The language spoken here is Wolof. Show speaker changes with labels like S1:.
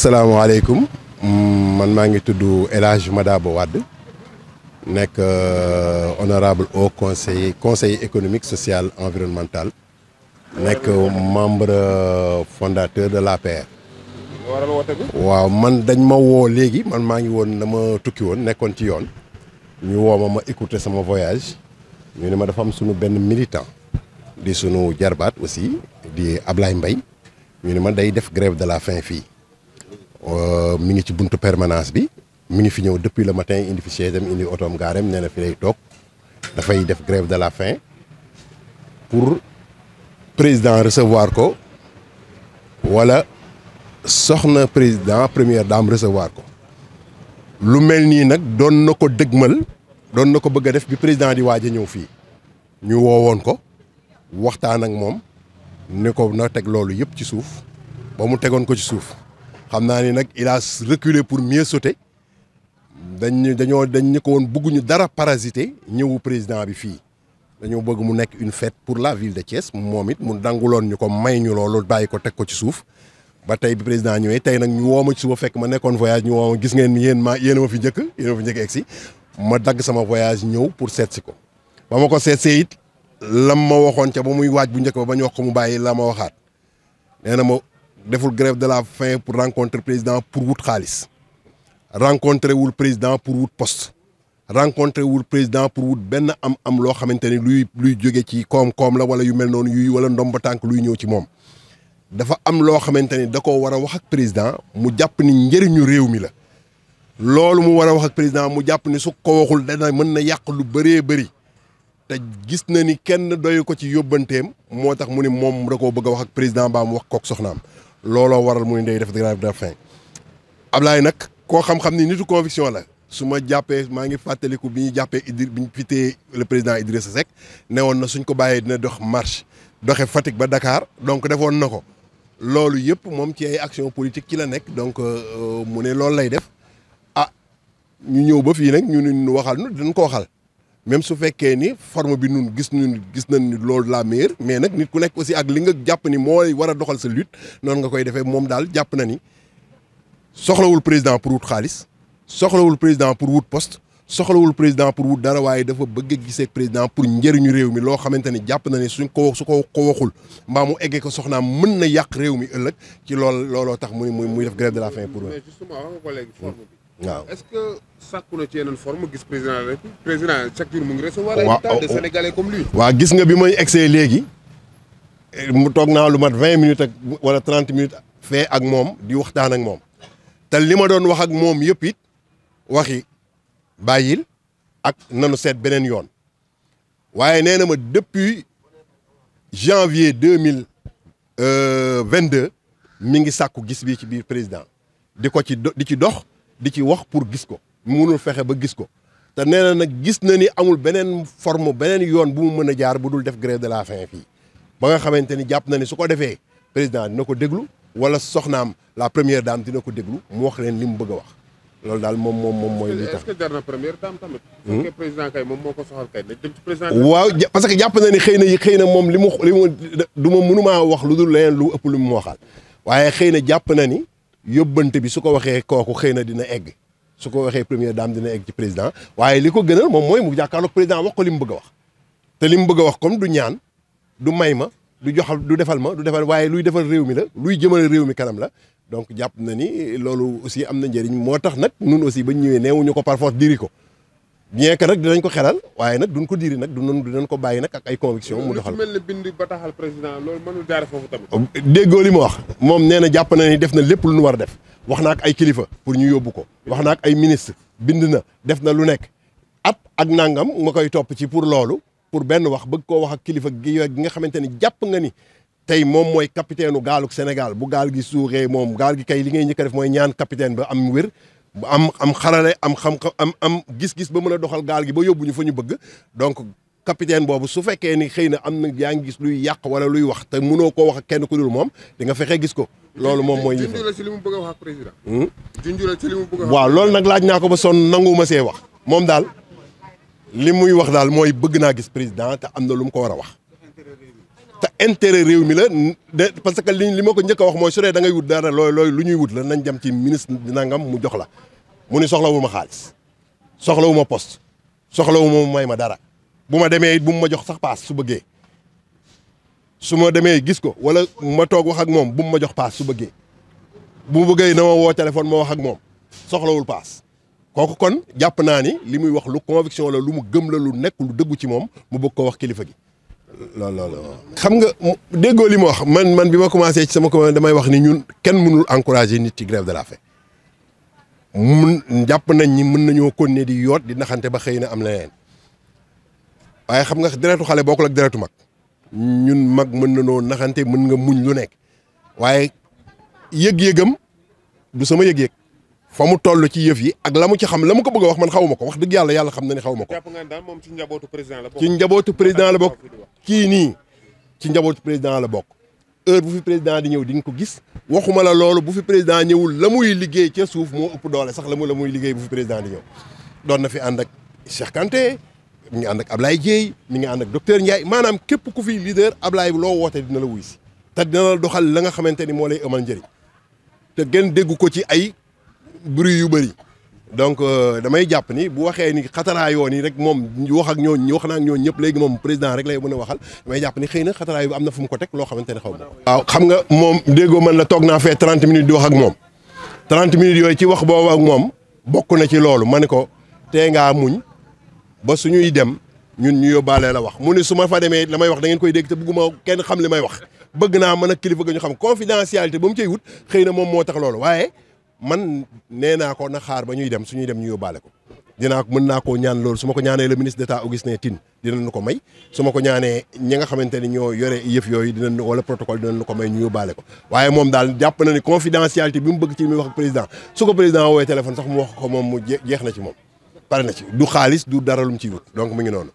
S1: salaamaaleykum mm, man maa ngi tudd El Hadj Madabo wàdd nekk euh, honorable haut conseiller conseil économique social environnemental nekk membre euh, fondateur de la l'APR. waaw man dañ ma woo léegi man maa ngi woon dama tukki woon nekkoon ci yoon ñu woo ma ma écouter sama voyage ñu ne ma dafa am sunu benn militant di sunu jarbaat aussi di Ablaye mbay ñu ne ma day def grève de la fin fii. Euh, mu ngi ci buntu permanence bi mi ngi fi ñëw depuis le matin indi fi chaise am indi otoom gaareem nee fi lay toog dafay def grève de la faim pour président recevoir ko wala soxna président première dame recevoir ko lu mel nii nag doon na ko dëgmal doon na ko bëgg a def bi président di waaj a ñëw fii ñu woowoon ko waxtaan ak moom ni ko na teg loolu yëpp ci suuf ba mu tegoon ko ci suuf xam naa ni nag il reculer pour mieux sauter dañ dañoo dañ ñu ko woon bëgguñu dara parasité ñëwu président bi fii dañoo bëgg mu nekk une fête pour la ville de Thiès moom it mu dangu loon ñu ko may ñu loolu bàyyi ko teg ko ci suuf ba tey bi président ñëwee tey nag ñu woo ma ci suba fekk ma nekkoon voyage ñu woo gis ngeen yéen ma yéen a ma fi njëkk yéen ma fi njëkk egg si ma dagg sama voyage ñëw pour seet si ko ba ma ko seetsee it lam ma waxoon ca ba muy waaj bu njëkk ba ba wax ko mu bàyyi la ma waxaat deful grève de la faim pour rencontrer président pour wut xaalis rencontré wul président pour wut poste rencontré wul président pour wut benn am am loo xamante ni luy luy jóge ci koom-koom la wala yu mel noonu yuy wala ndomba tànk luy ñëw ci moom dafa am loo xamante ni da ko war a wax ak président mu jàpp ni njëriñu réew mi la loolu mu war a wax ak président mu jàpp ni su ko waxul dana mën na yàq lu bëree bëri te gis na ni kenn doy ko ci yóbbanteem moo tax mu ni moom da koo bëgg wax ak président baa mu wax kook soxnaam looloo waral muy day def grève de la faim Ablaye nag koo xam-xam ni nitu conviction la su ma jàppee maa ngi fàttaliku bi ñu jàppee Idr bi ñu fitee le président Idrissa Seck ne woon na suñ ko bàyyee dina dox marche doxe Fatick ba Dakar donc defoon na ko loolu yëpp moom ci ay action politique ci la nekk donc euh, mu ne loolu lay def ah ñu ñëw ba fii nag ñu ne ñu waxal nu dañ ko waxal. même su fekkee ni forme bi nun gis nun gis nañ ni lool la meilleure mais nag nit ku nekk aussi ak li nga jàpp ni mooy war a doxal sa lut noonu nga koy defee moom daal jàpp na ni soxlawul président pour wut xaalis soxlawul président pour wut poste soxlawul président pour wut dara waaye dafa bëgg a gisee président pour njëriñu réew mi loo xamante ni jàpp na ne suñ ko su ko ko waxul mbaa mu eggee ko soxna mën na yàq réew mi ëllëg ci lool looloo tax muy muy muy la faim pour. mais justement wax waaw est-ce que sàkku na ci yeneen forme gis président rek président chaque jour mu ngi recevoir ay tas de sénégalais gis nga bi may egsee léegi mu toog naa lu mat vingt minutes wala trente minutes fee ak moom di waxtaan ak moom te li ma doon wax ak moom yëpp it waxi bàyyil ak nanu seet beneen yoon waaye nee na ma depuis janvier deux mille euh, vingt deux mi ngi sàkku gis bi ci biir président di ko ci di ci dox. di ci wax pour gis ko munul fexe ba gis ko te nee na nag gis na ni amul beneen forme beneen yoon bu mu mën a jaar bu dul def grève de la faim fii ba nga xamante ni jàpp na ni su ko defee président dina ko déglu wala soxnaam la première dame dina ko déglu mu wax leen li mu bëgg a wax loolu daal moom moom moom mooy li tax première dame tamit. Hmm? moom moo ko soxal kay dem ci président. waaw parce que jàpp na ni xëy na xëy na moom li mu li mu du ma mënumaa wax lu dul leneen lu ëpp lu mu waxaal waaye xëy na jàpp na ni. yóbbante bi su ko waxee kooku xëy na dina egg su ko waxee première dame dina egg ci président waaye li ko gënal moom mooy mu jàkkaarloog président wax ko li mu bëgg a wax te li mu bëgg a wax comme du ñaan du may ma du joxal du defal ma du defal waaye luy defal réew mi la luy jëmal réew mi kanam la donc jàpp na ni loolu aussi am na njëriñ moo tax nag nun aussi ba ñëwee neewuñu ko par force diri ko bien que nag ko xelal waaye nag duñ ko diri nag du noonu dinañ ko bàyyi nag ak ay conviction mu doxal mel ne bind bataaxal président loolu mënul jaar foofu tamit. Oh, déggoo li ma wax moom nee na jàpp na ni def na lépp lu ñu war a def wax na ak ay kilifa pour ñu yóbbu ko wax na ak ay ministre bind na def na lu nekk at ak nangam ma koy topp ci pour loolu pour benn wax bëgg koo wax ak kilifa gi nga xamante ni jàpp nga ni tey moom mooy capitaine u gaaluk Sénégal bu gaal gi suuxee moom gaal gi kay li ngay njëkk def mooy ñaan capitaine ba am wér am am xarale am xam am am gis-gis ba mën a doxal gaal gi ba yóbbu ñu fa ñu bëgg donc capitaine boobu su fekkee ni xëy na am na yaa ngi gis luy yàq wala luy wax te mënoo koo wax ak kenn ku dul moom di nga fexe gis ko. loolu moom mooy. junj hmm? waaw loolu nag laaj naa ko ba sonn ma see wax moom daal li muy wax daal mooy bëgg naa gis président te am na lu mu ko war a wax. te intérêt réew mi la de que li li ma ko njëkk a wax mooy su dee da ngay wut dara looy looy lu ñuy wut la nañ jëm ci ministre nangam mu jox la mu ni soxlawuma xaalis soxlawuma poste soxlawuma mu may ma dara bu ma demee bu mu ma jox sax paas su bëggee su ma demee gis ko wala ma toog wax ak moom bu mu ma jox paas su bëggee bu mu bëggee na ma woo téléphone ma wax ak moom soxlawul paas kooku kon jàpp naa ni li muy wax lu conviction la lu mu gëm la lu nekk lu dëggu ci moom mu bëgg ko wax kilifa gi. lool lool xam nga déggoo li ma wax man man bi ma commencé ci sama commune damay wax ni ñun kenn mënul encourager nit ci grève de la faim mun jàpp nañ ni mën nañoo continuer di yoot di naxante ba xëy na am leneen waaye xam nga deretu xale bokkul ak deretu mag ñun mag mën na noo naxante mën nga muñ lu nekk waaye yëg-yëgam du sama yëg-yëg fa mu toll ci yëf yi ak la mu ci xam la mu ko bëgg a wax man xawuma ko wax dëgg yàlla yàlla xam na ni xawuma ko. jàpp nga daal moom ci njabootu président la bokk. ci njabootu kii nii ci njabootu président la bokk heure bu fi président di ñëw di ko gis. waxuma la loolu bu fi président ñëwul la muy liggéey ca suuf moo ëpp doole sax la mu muy liggéey bu fi président di ñëw doon na fi ànd ak Cheikh Kanté mi ngi ànd ak Ablaye Dieye mi ngi ànd ak docteur Ndiaye maanaam képp ku fi leader Ablaye loo woote dina la wuy si te dina la la nga xamante ni moo lay amal njëriñ te gën dégg ko ci ay bruit yu bëri donc euh, damay jàpp ni bu waxee ni xataraa yoon yi rek moom wax ak ñoo ñu wax naa ak ñoo ñëpp léegi moom président rek lay mën a waxal damay jàpp ni xëy na xataraa yi am na fu mu ko teg loo xamante ne xaw ma waaw xam nga moom déggoo man la toog naa fee trente minutes di wax ak moom trente minutes yooyu ci wax boobu moom bokk na ci loolu ma ne ko tee ngaa muñ ba suñuy dem ñun ñu yóbbaalee la wax mu ne su ma fa demee la may wax da ngeen koy dégg te bëgguma kenn xam li may wax bëgg naa mën a kilifa ga ñu xam confidentialité ba mu cay wut xëy na moom moo tax loolu waaye man nee naa ko na xaar ba ñuy dem su ñuy dem ñu yóbbaale ko dinaa mën naa koo ñaan loolu su ma ko ñaanee le ministre d'État Augustin Tine dinañu ko may su ma ko ñaanee ñi nga xamante ni ñoo yore yëf yooyu dinañ wala protocole dinañu ko may ñu yóbbaale ko waaye moom daal jàpp na ni confidentialité bi mu bëgg ci muy wax ak président su ko président woowee téléphone sax mu wax ko moom mu jeex na ci moom pare na ci du xaalis du dara lu mu donc mu ngi noonu